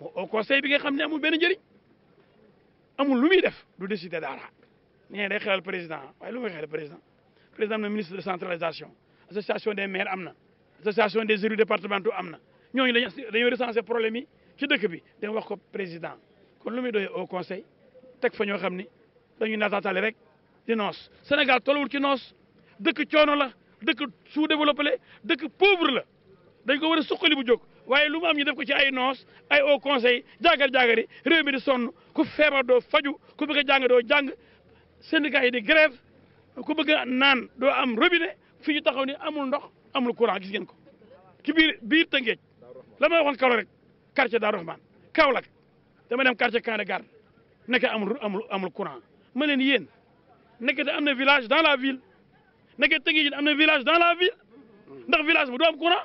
au conseil bi nga xam amul ben njëriñ amul lu muy def du décider dara né day xelal président way lu muy xelal président président le ministre de centralisation association des maires amna association des élus départementaux amna ñoo ñooñu dañu recenser problème yi ci dëkk bi dañ wax ko président kon lu muy au conseil tek fa ñoo xamni dañu natatalé rek di nos Sénégal tolluwul ci nos dëkk coono la dëkk sous-développé dëkk pauvre la dañ ko war a suqali bu jóg. waaye lu mu am ñu def ko ci ay noos ay au conseil jaagar-jaagari réew mi di sonn ku feebar doo faju ku bëgg a jàng doo jàng syndicat yi di grève ku bëgg a naan doo am robinet fi ñu taxaw ni amul ndox amul courant gis ngeen ko ci biir biir Tëngéej la ma waxoon karo rek quartier Darou Rahman dama dem quartier Camp de Garde nekk amul amul amul courant ma leen yéen te am na village dans la ville nekk Tëngéej am na village dans la ville ndax village bu doo am courant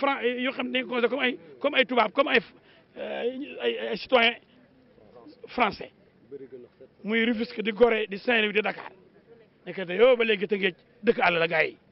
franc yoo xam ne dañ ko comme ay comme ay tubaab comme euh, ay citoyen français muy Rufisque di Gorée di Saint-Louis di Dakar nekkate yoo ba léegi Tëngéej dëkk àll la gars